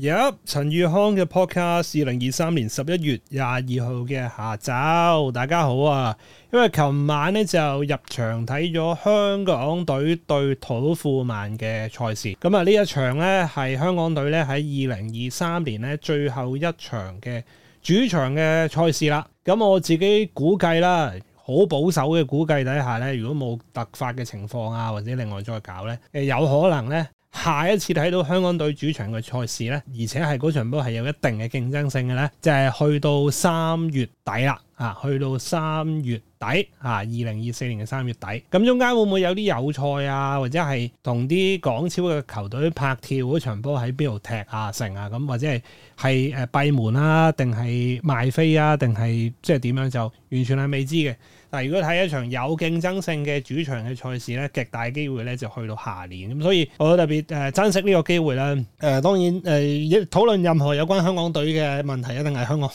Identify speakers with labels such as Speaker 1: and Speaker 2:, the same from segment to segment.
Speaker 1: 有陳宇康嘅 podcast，二零二三年十一月廿二號嘅下晝，大家好啊！因為琴晚咧就入場睇咗香港隊對土庫曼嘅賽事，咁啊呢一場咧係香港隊咧喺二零二三年咧最後一場嘅主場嘅賽事啦。咁、嗯、我自己估計啦，好保守嘅估計底下咧，如果冇突發嘅情況啊，或者另外再搞咧，誒、呃、有可能咧。下一次睇到香港隊主場嘅賽事呢，而且係嗰場波係有一定嘅競爭性嘅呢，就係、是、去到三月底啦，啊，去到三月底啊，二零二四年嘅三月底，咁中間會唔會有啲友賽啊，或者係同啲港超嘅球隊拍跳嗰場波喺邊度踢啊、成啊咁，或者係係誒閉門啊，定係賣飛啊，定係即係點樣就完全係未知嘅。嗱，但如果睇一場有競爭性嘅主場嘅賽事咧，極大機會咧就去到下年咁，所以我特別誒珍惜呢個機會啦。誒、呃、當然誒、呃、討論任何有關香港隊嘅問題，一定係香港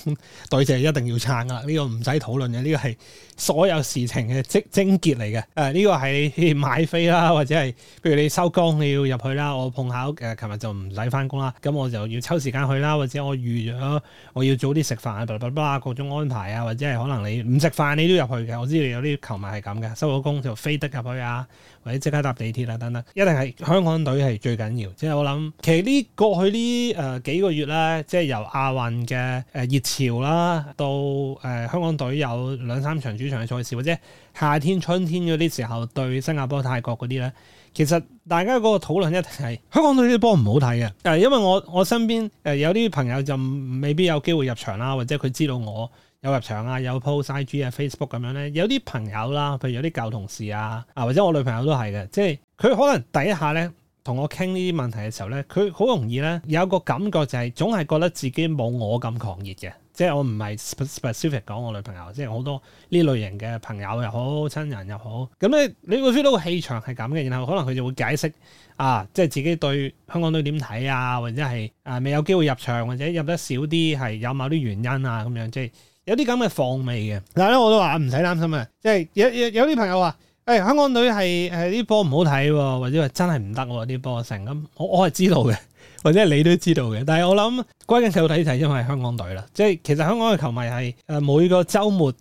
Speaker 1: 隊就，一定要撐㗎啦。呢、這個唔使討論嘅，呢、這個係所有事情嘅精精結嚟嘅。誒、呃、呢、這個係買飛啦，或者係譬如你收工你要入去啦，我碰巧誒琴日就唔使返工啦，咁我就要抽時間去啦，或者我預咗我要早啲食飯，巴拉巴拉各種安排啊，或者係可能你唔食飯你都入去嘅。我知道有啲球迷係咁嘅，收咗工就飛得入去啊，或者即刻搭地鐵啊，等等，一定係香港隊係最緊要。即係我諗，其實呢過去呢誒幾個月咧，即係由亞運嘅誒熱潮啦，到誒、呃、香港隊有兩三場主場嘅賽事，或者夏天、春天嗰啲時候對新加坡、泰國嗰啲咧，其實大家嗰個討論一定係香港隊啲波唔好睇嘅。誒，因為我我身邊誒有啲朋友就未必有機會入場啦，或者佢知道我。有入場啊，有 post IG 啊，Facebook 咁樣咧，有啲朋友啦、啊，譬如有啲舊同事啊，啊或者我女朋友都係嘅，即係佢可能第一下咧，同我傾呢啲問題嘅時候咧，佢好容易咧有個感覺就係、是、總係覺得自己冇我咁狂熱嘅，即係我唔係 specific 講我女朋友，即係好多呢類型嘅朋友又好，親人又好，咁咧你會 feel 到個氣場係咁嘅，然後可能佢就會解釋啊，即係自己對香港隊點睇啊，或者係啊未有機會入場或者入得少啲係有某啲原因啊咁樣，即係。有啲咁嘅放味嘅，但係咧我都話唔使擔心啊，即係有有有啲朋友話：誒、哎、香港隊係誒啲波唔好睇喎，哦，或者話真係唔得喎啲波成咁，我我係知道嘅，或者你都知道嘅，但係我諗關鍵球睇就係因為香港隊啦，即係其實香港嘅球迷係誒每個週末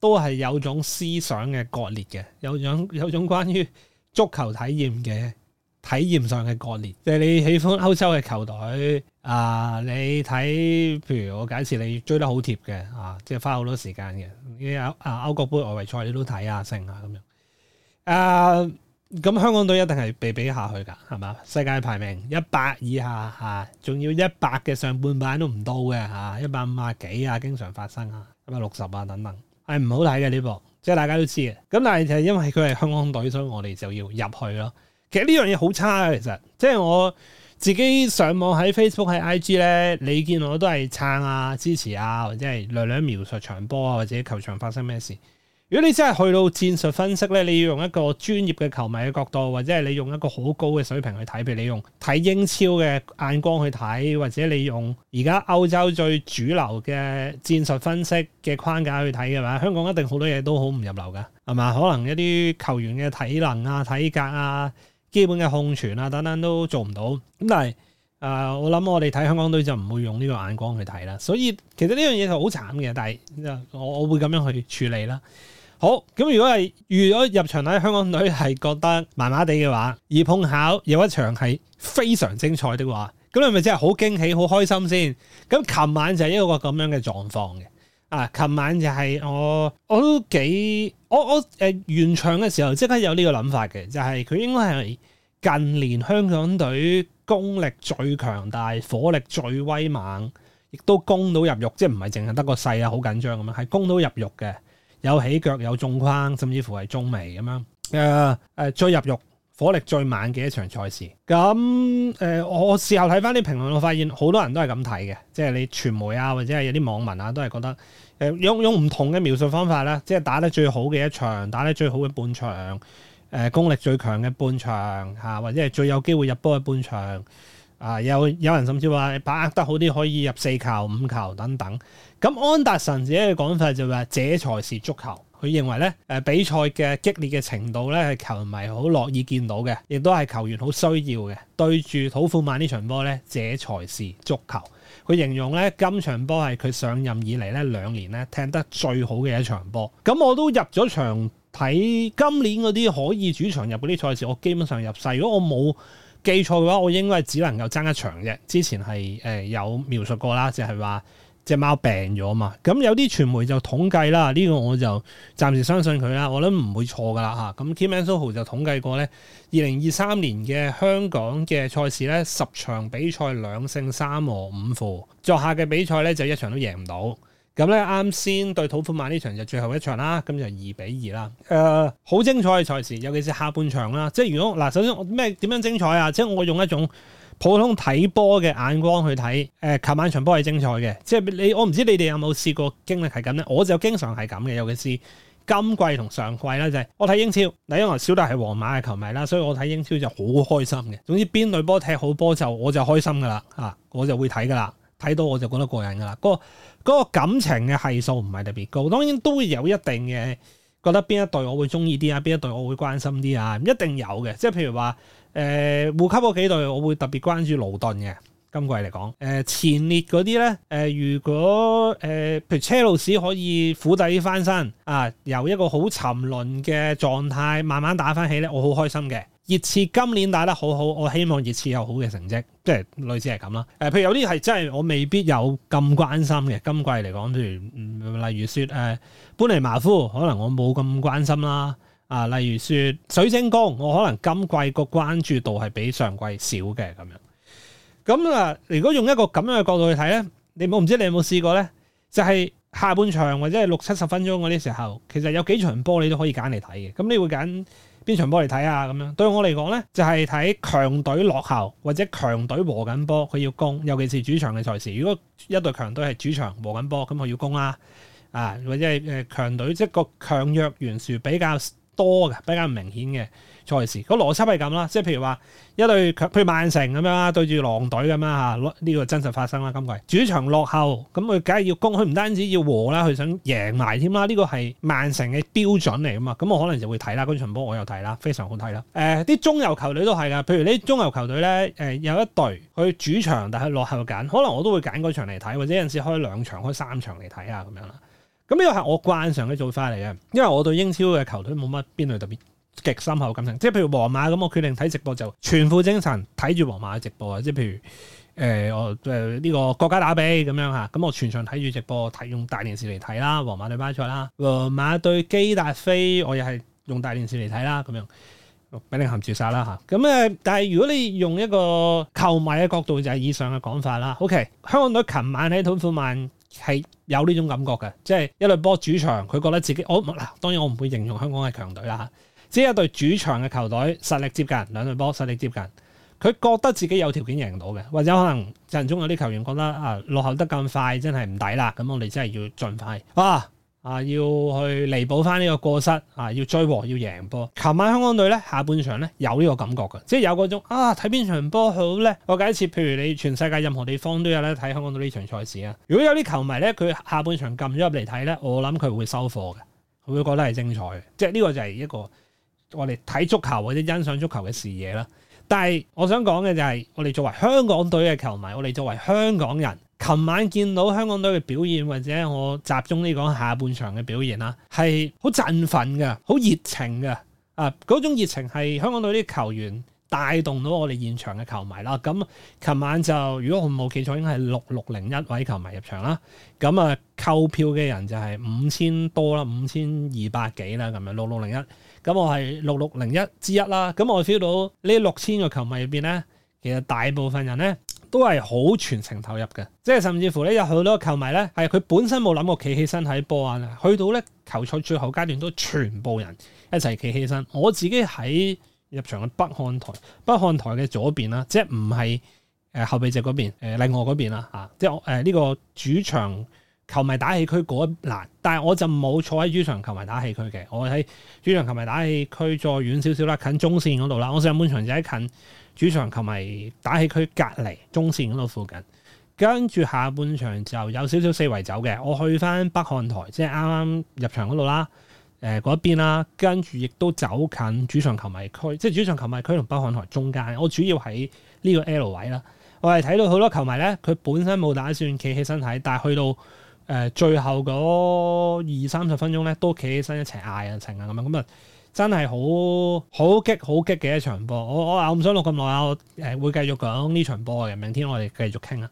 Speaker 1: 都係有種思想嘅割裂嘅，有種有種關於足球體驗嘅。體驗上嘅割裂，即、就、係、是、你喜歡歐洲嘅球隊啊、呃！你睇，譬如我假設你追得好貼嘅啊，即係花好多時間嘅。歐啊歐，歐國杯外圍賽你都睇下勝啊咁樣。啊，咁、啊啊啊啊、香港隊一定係被比，比下去㗎，係嘛？世界排名一百以下嚇，仲、啊、要一百嘅上半版都唔到嘅嚇，一百五啊幾啊，啊經常發生啊，一百六十啊等等，係、哎、唔好睇嘅呢波，即係大家都知嘅。咁但係就係因為佢係香港隊，所以我哋就要入去咯。其實呢樣嘢好差啊！其實即係我自己上網喺 Facebook、喺 IG 咧，你見我都係撐啊、支持啊，或者係略略描述場波啊，或者球場發生咩事。如果你真係去到戰術分析咧，你要用一個專業嘅球迷嘅角度，或者係你用一個好高嘅水平去睇，譬如你用睇英超嘅眼光去睇，或者你用而家歐洲最主流嘅戰術分析嘅框架去睇，係咪香港一定好多嘢都好唔入流噶，係咪可能一啲球員嘅體能啊、體格啊。基本嘅控傳啊，等等都做唔到咁，但係誒、呃，我諗我哋睇香港隊就唔會用呢個眼光去睇啦。所以其實呢樣嘢係好慘嘅，但係我我會咁樣去處理啦。好，咁如果係預咗入場睇香港隊係覺得麻麻地嘅話，而碰巧有一場係非常精彩的話，咁你係咪真係好驚喜、好開心先？咁琴晚就係一個咁樣嘅狀況嘅。啊！琴晚就係我，我都幾我我誒完場嘅時候，即刻有呢個諗法嘅，就係、是、佢應該係近年香港隊功力最強大、火力最威猛，亦都攻到入肉，即係唔係淨係得個勢啊，好緊張咁樣，係攻到入肉嘅，有起腳、有中框，甚至乎係中楣咁樣誒誒再入肉。火力最猛嘅一場賽事，咁誒、呃，我事後睇翻啲評論，我發現好多人都係咁睇嘅，即係你傳媒啊，或者係有啲網民啊，都係覺得誒、呃、用用唔同嘅描述方法啦，即係打得最好嘅一場，打得最好嘅半場，誒、呃、功力最強嘅半場嚇、啊，或者係最有機會入波嘅半場，啊有有人甚至話把握得好啲可以入四球五球等等，咁安達臣自己嘅講法就話、是，這才是足球。佢認為咧，誒、呃、比賽嘅激烈嘅程度咧，係球迷好樂意見到嘅，亦都係球員好需要嘅。對住土庫曼場呢場波咧，這才是足球。佢形容咧，今場波係佢上任以嚟咧兩年咧，踢得最好嘅一場波。咁、嗯、我都入咗場睇今年嗰啲可以主場入嗰啲賽事，我基本上入曬，如果我冇記錯嘅話，我應該係只能夠爭一場嘅。之前係誒、呃、有描述過啦，就係、是、話。隻貓病咗嘛？咁有啲傳媒就統計啦，呢、這個我就暫時相信佢啦，我諗唔會錯噶啦嚇。咁、啊、Kim Ansoho 就統計過呢，二零二三年嘅香港嘅賽事呢，十場比賽兩勝三和五負，作客嘅比賽呢就一場都贏唔到。咁、嗯、呢，啱先對土庫曼呢場就最後一場啦，咁就二比二啦。誒、呃，好精彩嘅賽事，尤其是下半場啦。即係如果嗱，首先咩點樣精彩啊？即係我用一種。普通睇波嘅眼光去睇，誒、呃，琴晚場波係精彩嘅，即係你，我唔知你哋有冇試過經歷係咁咧，我就經常係咁嘅，尤其是今季同上季啦，就係、是、我睇英超，嗱，因為小弟係皇馬嘅球迷啦，所以我睇英超就好開心嘅。總之邊隊波踢好波就我就開心噶啦，嚇、啊、我就會睇噶啦，睇到我就覺得過癮噶啦。嗰、嗰個嗰個感情嘅係數唔係特別高，當然都會有一定嘅覺得邊一隊我會中意啲啊，邊一隊我會關心啲啊，一定有嘅。即係譬如話。誒護級嗰幾隊，我會特別關注勞頓嘅。今季嚟講，誒、呃、前列嗰啲呢，誒、呃、如果誒、呃、譬如車路士可以苦底翻身啊，由一個好沉淪嘅狀態慢慢打翻起呢，我好開心嘅。熱刺今年打得好好，我希望熱刺有好嘅成績，即係類似係咁啦。誒、呃、譬如有啲係真係我未必有咁關心嘅，今季嚟講，譬如、嗯、例如説誒、呃、本尼馬夫，可能我冇咁關心啦。啊，例如説水晶宮，我可能今季個關注度係比上季少嘅咁樣。咁啊，如果用一個咁樣嘅角度去睇咧，你冇唔知你有冇試過咧？就係、是、下半場或者係六七十分鐘嗰啲時候，其實有幾場波你都可以揀嚟睇嘅。咁你會揀邊場波嚟睇啊？咁樣對我嚟講咧，就係睇強隊落後或者強隊和緊波，佢要攻，尤其是主場嘅賽事。如果一隊強隊係主場和緊波，咁佢要攻啦、啊。啊，或者係誒強隊即個強弱懸殊比較。多嘅比較明顯嘅賽事，個邏輯係咁啦，即係譬如話一隊，譬如曼城咁樣啦，對住狼隊咁樣嚇，呢、呢個真實發生啦。今季主場落後，咁佢梗係要攻，佢唔單止要和啦，佢想贏埋添啦。呢個係曼城嘅標準嚟噶嘛。咁我可能就會睇啦，嗰場波我又睇啦，非常好睇啦。誒、呃，啲中游球隊都係噶，譬如呢啲中游球隊咧，誒、呃、有一隊佢主場但係落後緊，可能我都會揀嗰場嚟睇，或者有陣時開兩場、開三場嚟睇下咁樣啦。咁呢個係我慣常嘅做法嚟嘅，因為我對英超嘅球隊冇乜邊類特別極深厚感情，即係譬如皇馬咁，我決定睇直播就全副精神睇住皇馬嘅直播啊！即係譬如誒、呃，我誒呢、呃呢個國家打比咁樣嚇，咁我全場睇住直播睇，用大電視嚟睇啦，皇馬對巴塞啦，皇馬對基達菲，我亦係用大電視嚟睇啦，咁樣俾你含住晒啦嚇。咁誒，但係如果你用一個球迷嘅角度，就係、是、以上嘅講法啦。OK，香港隊琴晚喺土庫曼係。有呢種感覺嘅，即係一隊波主場，佢覺得自己我嗱、哦，當然我唔會形容香港係強隊啦嚇，只係一隊主場嘅球隊實力接近，兩隊波實力接近，佢覺得自己有條件贏到嘅，或者可能陣中有啲球員覺得啊，落後得咁快真係唔抵啦，咁我哋真係要盡快啊。啊，要去彌補翻呢個過失啊，要追和，要贏波。琴晚香港隊呢，下半場呢，有呢個感覺嘅，即係有嗰種啊，睇邊場波好呢？我假設，譬如你全世界任何地方都有咧睇香港隊呢場賽事啊。如果有啲球迷呢，佢下半場撳咗入嚟睇呢，我諗佢會收貨嘅，佢會覺得係精彩嘅。即係呢個就係一個我哋睇足球或者欣賞足球嘅視野啦。但係我想講嘅就係、是，我哋作為香港隊嘅球迷，我哋作為香港人。琴晚見到香港隊嘅表現，或者我集中呢講下半場嘅表現啦，係好振奮嘅，好熱情嘅。啊、呃，嗰種熱情係香港隊啲球員帶動到我哋現場嘅球迷啦。咁、嗯、琴晚就，如果我冇記錯，應該係六六零一位球迷入場啦。咁、嗯、啊購票嘅人就係五千多啦，五千二百幾啦咁樣六六零一。咁我係六六零一之一啦。咁我 feel 到呢六千個球迷入邊呢，其實大部分人呢，都係好全程投入嘅，即係甚至乎呢，有好多球迷呢，係佢本身冇諗過企起身喺波啊，去到呢球賽最後階段都全部人一齊企起身。我自己喺入場嘅北看台，北看台嘅左邊啦，即係唔係誒後備席嗰邊，另外嗰邊啦嚇，即係誒呢個主場。球迷打氣區嗰一欄，但係我就冇坐喺主場球迷打氣區嘅。我喺主場球迷打氣區再遠少少啦，近中線嗰度啦。我上半場就喺近主場球迷打氣區隔離中線嗰度附近，跟住下半場就有少少四圍走嘅。我去返北看台，即係啱啱入場嗰度啦，誒嗰一邊啦，跟住亦都走近主場球迷區，即係主場球迷區同北看台中間。我主要喺呢個 L 位啦，我係睇到好多球迷咧，佢本身冇打算企起身睇，但係去到，誒、呃、最後嗰二三十分鐘咧，都企起身一齊嗌啊，情齊咁樣，咁啊真係好好激好激嘅一場波。我我我唔想錄咁耐啊，我誒、呃、會繼續講呢場波嘅。明天我哋繼續傾啊。